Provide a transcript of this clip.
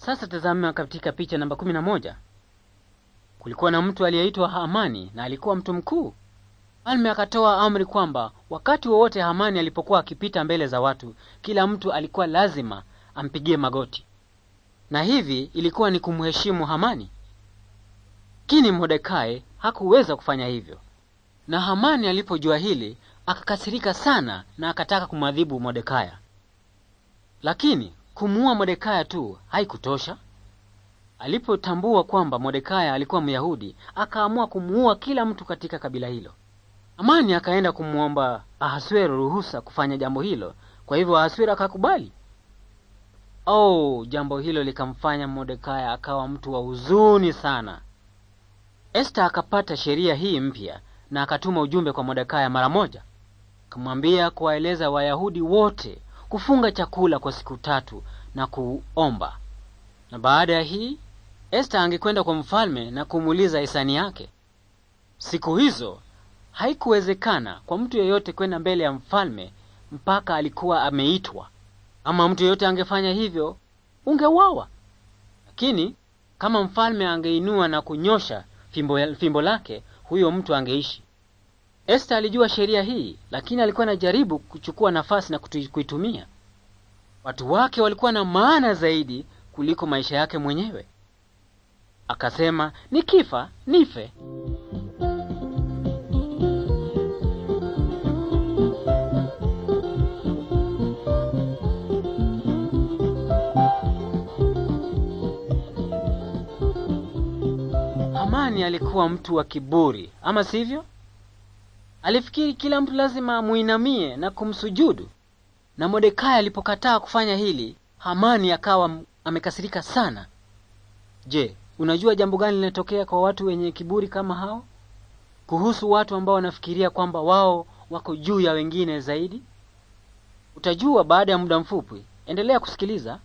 Sasa tazama katika picha namba kumi na moja. Kulikuwa na mtu aliyeitwa Hamani na alikuwa mtu mkuu. Mfalme akatoa amri kwamba wakati wowote Hamani alipokuwa akipita mbele za watu, kila mtu alikuwa lazima ampigie magoti, na hivi ilikuwa ni kumheshimu Hamani. Lakini Mordekai hakuweza kufanya hivyo, na Hamani alipojua hili akakasirika sana na akataka kumwadhibu Mordekai, lakini Kumuua Mordekai tu haikutosha. Alipotambua kwamba Mordekai alikuwa Myahudi, akaamua kumuua kila mtu katika kabila hilo. Amani akaenda kumwomba Ahasuero ruhusa kufanya jambo hilo, kwa hivyo Ahasuero akakubali. Oh, jambo hilo likamfanya Mordekai akawa mtu wa huzuni sana. Esta akapata sheria hii mpya na akatuma ujumbe kwa Mordekai mara moja, akamwambia kuwaeleza Wayahudi wote kufunga chakula kwa siku tatu na kuomba. Na baada ya hii Esta angekwenda kwa mfalme na kumuuliza hisani yake. Siku hizo haikuwezekana kwa mtu yeyote kwenda mbele ya mfalme mpaka alikuwa ameitwa. Ama mtu yeyote angefanya hivyo ungewawa Lakini kama mfalme angeinua na kunyosha fimbo, fimbo lake, huyo mtu angeishi. Esther alijua sheria hii, lakini alikuwa anajaribu kuchukua nafasi na kuitumia. Watu wake walikuwa na maana zaidi kuliko maisha yake mwenyewe. Akasema, nikifa nife. Hamani alikuwa mtu wa kiburi, ama sivyo? Alifikiri kila mtu lazima amwinamie na kumsujudu, na Mordekai alipokataa kufanya hili, Hamani akawa amekasirika sana. Je, unajua jambo gani linatokea kwa watu wenye kiburi kama hao? Kuhusu watu ambao wanafikiria kwamba wao wako juu ya wengine zaidi? Utajua baada ya muda mfupi. Endelea kusikiliza.